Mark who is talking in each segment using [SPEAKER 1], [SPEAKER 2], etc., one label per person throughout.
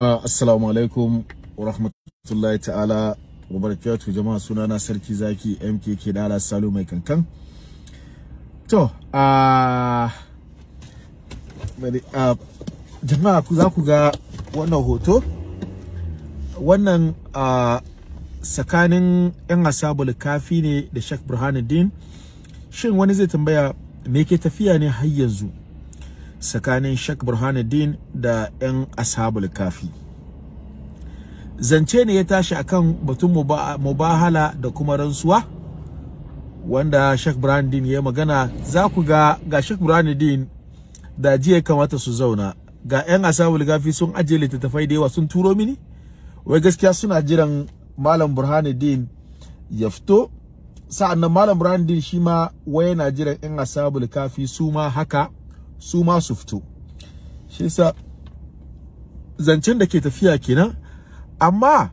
[SPEAKER 1] Assalamu alaikum wa rahmatullahi ta'ala wa barakatuhu jama'a sunana sarki zaki MKK Dala Salo mai kankan. To, a jama'a ku za ku ga wannan hoto wannan a tsakanin yan asabul kafi ne da Sheikh Burhanuddin shin wani zai tambaya me ke tafiya ne har yanzu? tsakanin Sheikh Burhanuddin da 'yan ashabul kafi zance ne ya tashi akan batun mubahala da kuma ransuwa. wanda Sheikh Burhanuddin ya magana za ku ga ga Sheikh Burhanuddin da jiya kamata su zauna ga 'yan ashabul kafi sun ajiye littattafai da yawa sun turo mini wai gaskiya suna jiran Malam Burhanuddin ya fito sa'annan Malam Burhanuddin shi ma wai yana jiran 'yan ashabul kafi su ma haka su ma su fito shi yasa zancen da ke tafiya kenan amma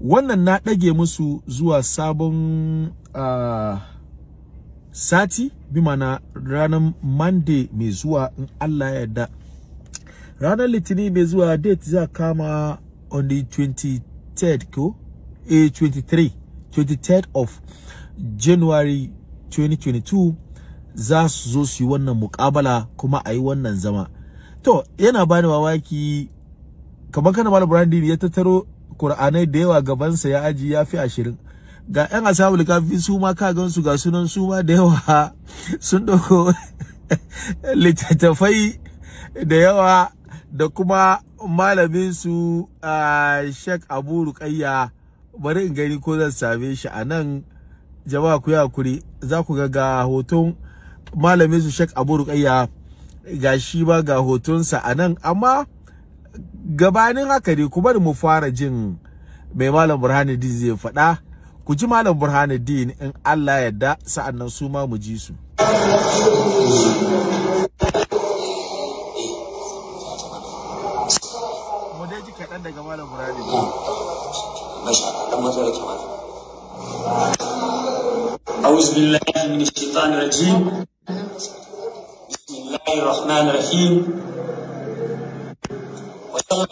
[SPEAKER 1] wannan na ɗage musu zuwa sabon uh, sati bi mana ranar monday mai zuwa in allah ya yarda ranar litini mai zuwa date za kama on the 23rd ko a 23 23rd of january 2022 za su zo su yi wannan mukabala kuma a yi wannan zama to yana bani wawaki kamar kana malam brandin ya tattaro ƙur'anai da yawa gabansa ya aji ya fi ashirin ga yan ashabul kafi su ma ka gan su ga sunan su ma da yawa sun dauko littattafai da yawa da kuma malamin su Sheikh Abu Rukayya. bari in gani ko zan same shi a nan jama'a ku yi hakuri za ku ga ga hoton malamin su Sheikh Abu rukayya ga shi ba ga hotonsa a nan amma gabanin haka dai ku bari mu fara jin mai malam Burhanuddin zai faɗa ku ji malam Burhanuddin in Allah yarda sa'annan su ma mu ji su
[SPEAKER 2] الله الرحمن الرحيم وصلى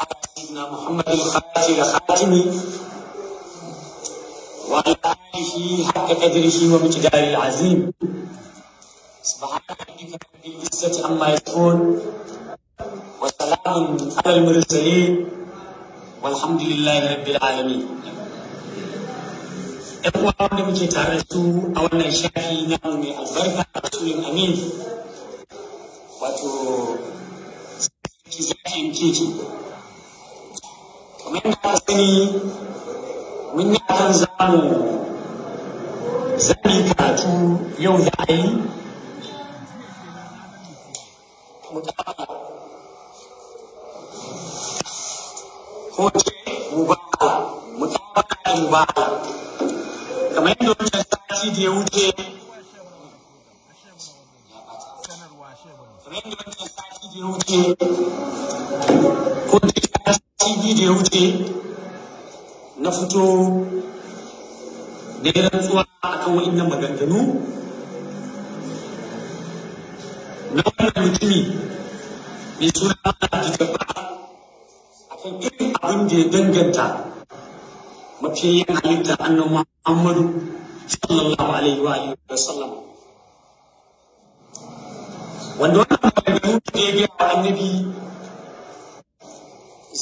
[SPEAKER 2] على سيدنا محمد الخاتم الخاتم وعلى آله حق قدره ومقداره العظيم سبحانك رب العزة عما يصفون وسلام على المرسلين والحمد لله رب العالمين 'yan uwa wanda muke tare su a wannan shafi namu mai albarka a rasulun amin wato zaɓin keke kamar da aka sani mun yi akan zamu zami karatu yau za a yi ko ce mubala mutabala kamar yadda wancan sati da ya wuce wuce sati da ya wuce na fito da ya rantsuwa a kan wa'innan maganganu na wannan mutumi mai suna Abdul Jabbar a kan irin abin da ya danganta fiyayyen halitta annan Muhammadu sallallahu alaihi wa alihi wa sallam wanda wannan maganganu da ya gaya wa annabi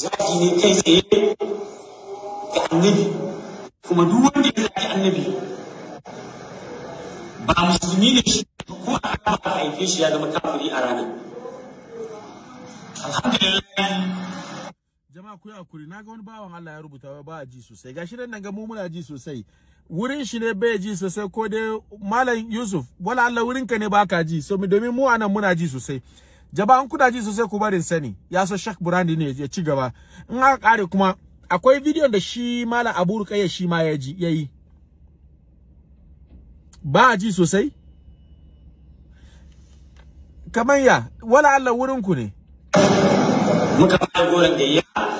[SPEAKER 2] zaki ne kai tsaye ga annabi kuma duk wanda ya zaki annabi ba musulmi ne shi ko a kama haife shi ya zama kafiri a ranar alhamdulillah
[SPEAKER 1] akwai akuri naga ga wani bawan Allah ya rubuta ba ji sosai gashi nan ga mu muna ji sosai wurin shi ne bai ji sosai ko dai malam Yusuf wala Allah wurin ka ne baka ji so domin mu anan muna ji sosai jaba an kuda ji sosai ku barin sani ya so Sheikh Burandi ne ya ci gaba in aka kare kuma akwai bidiyon da shi malam Abu Rukayya shi ma ya ji yayi ba ji sosai kamar ya wala Allah wurin ku ne
[SPEAKER 2] muka goran da ya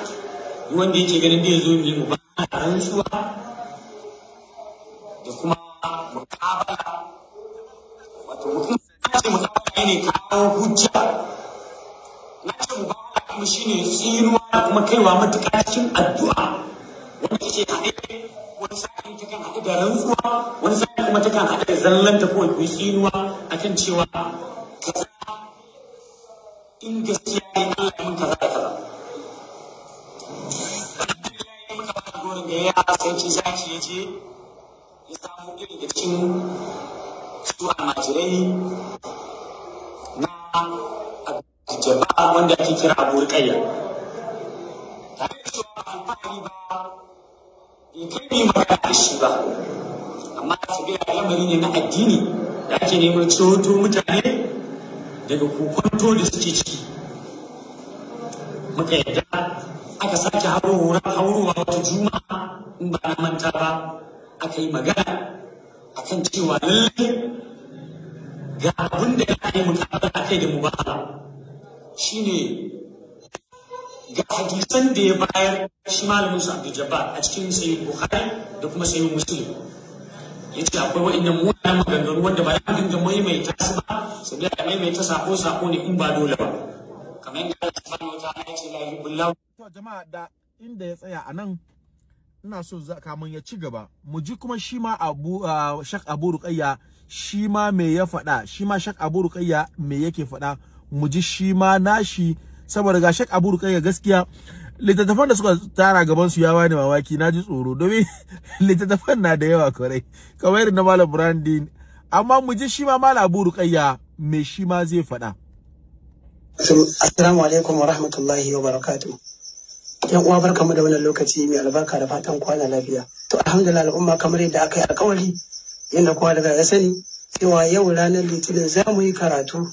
[SPEAKER 2] wanda yake ganin da ya zo mu yi mu ba rantsuwa da kuma mukabala wato mutum ya ce muƙabala ne kawo hujja na ce mu ba kuma shine tsiruwa da kuma kaiwa matuƙa cikin addu'a wanda ke haɗe wani sa'in ta kan haɗe da rantsuwa wani sa'in kuma ta kan haɗu da zallanta ko tsiruwa a akan cewa kaza in gaskiya ne ya sarki zaki ya je ya samu irin da cikin su almajirai na jaba wanda ake kira abu Ta yi da cewa alfahari ba ya kai ne magana da shi ba amma sabila lamari ne na addini da ake neman ceto mutane daga kokonto da suke ciki muka yadda aka sake haro horon haurowa wata juma'a in ba na manta ba aka yi magana kan cewa lallai ga abin da ya yi mukabala kai da shi ne ga hadisan da ya bayar shi malamin su Abdul Jabbar a cikin sayyid Bukhari da kuma sayyid ya yace akwai wa'annan munanan maganganu wanda ba ya dinga maimaita su ba saboda maimaita sako sako ne in ba dole ba to
[SPEAKER 1] jama'a da inda ya tsaya anan ina so za kamun ya ci gaba mu ji kuma shi ma abu shak abu ruqayya shi ma me ya faɗa shi ma shak abu ruqayya me yake faɗa mu ji shi ma nashi saboda ga shak abu ruqayya gaskiya littattafan da suka tara gaban su ya bani mamaki na ji tsoro domin littattafan na da yawa kwarai kamar na malam brandin amma mu ji shi ma malam abu ruqayya me shi ma zai faɗa
[SPEAKER 3] Assalamu alaikum wa rahmatullahi wa barakatu. Yan uwa mu da wannan lokaci mai albarka da fatan kwana lafiya. To alhamdulillah al'umma kamar yadda aka yi alkawari yadda kowa daga ya sani cewa yau ranar litinin za mu yi karatu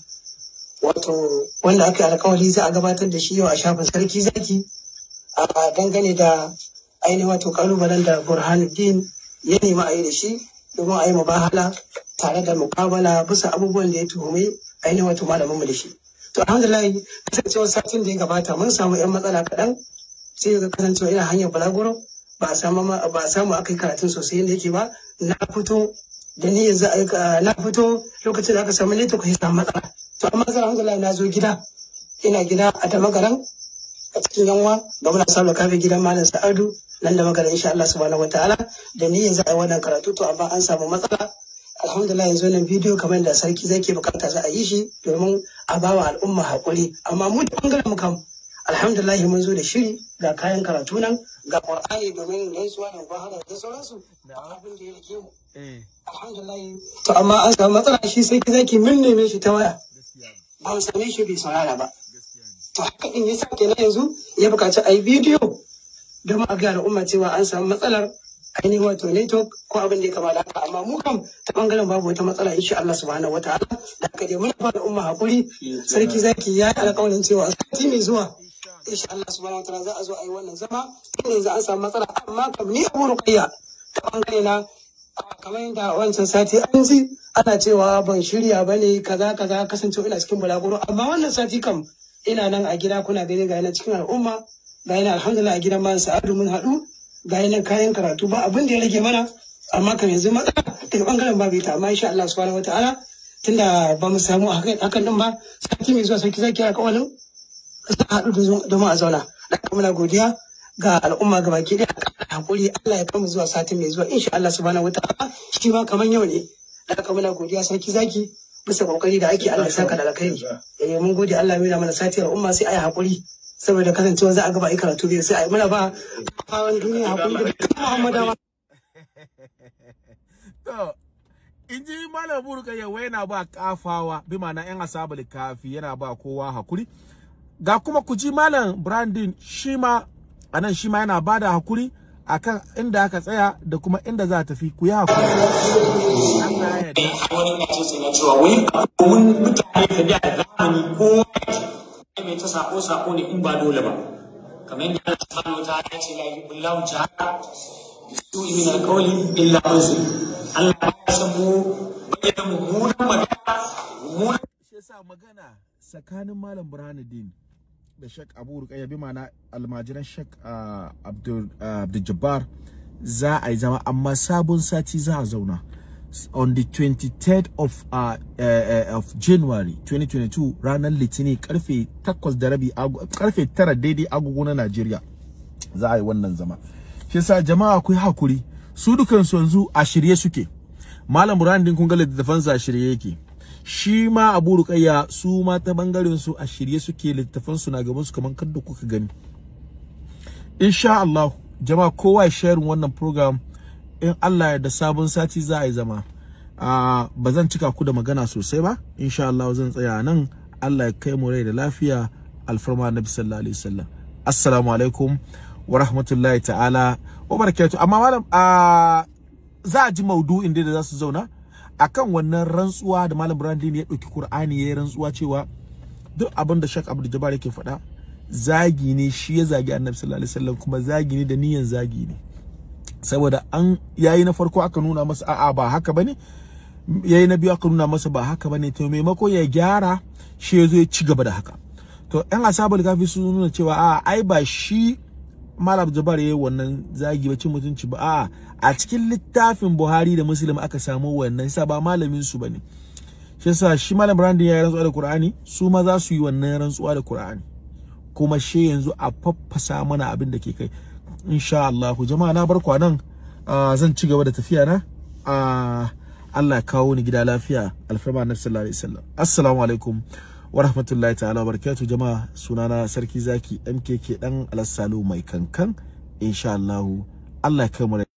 [SPEAKER 3] wato wanda aka yi alkawari za a gabatar da shi yau a shafin sarki zaki a dangane da ainihin wato kalubalen da burhanuddin ya nema a yi da shi domin a yi mubahala tare da mukabala bisa abubuwan da ya tuhumi ainihin wato mu da shi. to alhamdulillah kasancewar satin da ya gabata mun samu yan matsala kaɗan sai ga kasancewa ina hanyar balaguro ba a samu aka yi karatun sosai yadda yake ba na fito da ni yanzu na fito lokacin da aka samu ne to ka samu matsala to amma zan alhamdulillah na zo gida ina gida a tamagaran a cikin yanwa ba muna samun kafin gidan malam sa'adu nan da magaran insha Allah subhanahu wataala da ni yanzu a yi wannan karatu to amma an samu matsala alhamdulillah yanzu nan bidiyo kamar da sarki zai ke bukata za a yi shi domin a bawa al'umma haƙuri amma mu da bangaren mu kam alhamdulillah mun zo da shiri ga kayan karatu nan ga qur'ani domin gaisuwa da gwahara da sauransu da abin da ya rike mu eh. alhamdulillah to amma an samu matsala shi sai ki zaki min neme shi ta waya ban same shi bai saurara ba to haka din yasa kenan yanzu ya bukaci a yi bidiyo domin a ga al'umma cewa an samu matsalar ainihin wato network ko abin da ya kama da haka amma mu kam ta bangaren babu wata matsala insha Allah subhanahu wataala da haka dai muna fara umma hakuri sarki zaki ya yi alƙawarin cewa sati mai zuwa insha Allah subhanahu wataala za a zo a yi wannan zama inda yanzu an samu matsala amma kam ni abu ruqayya ta bangare na kamar yadda wancan sati an ji ana cewa ban shirya ba bane kaza kaza kasancewa ina cikin bulaguro amma wannan sati kam ina nan a gida kuna gani ga yana cikin al'umma ga yana alhamdulillah a gidan man sa'adu mun haɗu bayanan nan kayan karatu ba abin da ya rage mana amma kan yanzu matsala daga bangaren babu ta amma insha Allah subhanahu ta'ala tunda ba mu samu hakan din ba sati mai zuwa sarki zaki a kawalin za a haɗu domin a zauna da kamala godiya ga al'umma ga baki ɗaya hakuri Allah ya kama zuwa sati mai zuwa insha Allah subhanahu ta'ala shi ma kamar yau ne da kamala godiya sarki zaki bisa kokari da ake Allah saka da alkhairi eh mun gode Allah ya nuna mana sati al'umma sai ayi hakuri saboda kasancewa za a gaba yi karatu biyu sai a yi mana ba hawan duniya hakuri da muhammadawa.
[SPEAKER 1] to in ji malam burka yawa yana ba kafawa bi ma'ana yan asabar kafi yana ba kowa hakuri ga kuma ku ji malam brandin shi ma a nan shi ma yana ba da hakuri kan inda aka tsaya da kuma inda za ta fi ku yi hakuri.
[SPEAKER 2] Wani na ce sai cewa wani abu mun mutane da zamani kowa mai ta sako sako ne in ba dole ba kamar yadda Allah subhanahu wa ta'ala ya ce la yubillahu jahara
[SPEAKER 1] bisu'i min alqawli illa rusul
[SPEAKER 2] Allah ya san mu bayyana mummunan magana mummunan
[SPEAKER 1] shi yasa magana tsakanin malam Burhanuddin da Sheikh Abu Ruqayya bi ma'ana almajiran Sheikh ah, ah, Abdul Jabbar za a yi zama amma sabon sati za a zauna on the 23rd of uh, uh, uh, of January 2022 ranar Litinin karfe 8 da rabi karfe 9 daidai agogo na Najeriya za a yi wannan zama shi yasa jama'a akwai hakuri su dukan su yanzu a shirye suke malam Burhan din kun ga littafan sa shirye yake shi ma Abu Ruqayya su ma ta bangaren su a shirye suke littafan su na gaban su kaman kadda kuka gani insha Allah jama'a kowa share wannan program in Allah ya da sabon sati za a yi zama ba zan cika ku da magana sosai ba insha Allah zan tsaya nan Allah ya kai mu rai da lafiya alfarma nabi sallallahu alaihi wasallam assalamu alaikum wa rahmatullahi ta'ala wa barakatu amma malam za a ji maudu'in da za su zauna akan wannan rantsuwa da malam Brandin ya dauki Qur'ani ya rantsuwa cewa duk abin da Sheikh Abdul Jabbar yake faɗa zagi ne shi ya zagi Annabi sallallahu alaihi wasallam kuma zagi ne da niyan zagi ne saboda an yayi na farko aka nuna masa a'a ba haka bane yayi na biyu aka nuna masa ba haka bane to maimako ya gyara shi ya ya ci gaba da haka to ɗan asabul kafi su nuna cewa a ai ba shi malam jabar yayi wannan zagi ba cin mutunci ba a'a a cikin littafin buhari da muslim aka samu wannan sa ba malamin su bane shi yasa shi malam brandon ya yi rantsuwa da qur'ani su ma za su yi wannan rantsuwa da qur'ani kuma shi yanzu a faffasa mana abin da ke kai insha Allah jama'a na bar nan zan ci gaba da tafiya na Allah ya kawo ni gida lafiya alfarma annabi sallallahu alaihi wasallam assalamu alaikum wa rahmatullahi ta'ala barakatuh jama'a sunana sarki zaki mkk dan alassalo mai kankan insha Allah Allah ya kai mu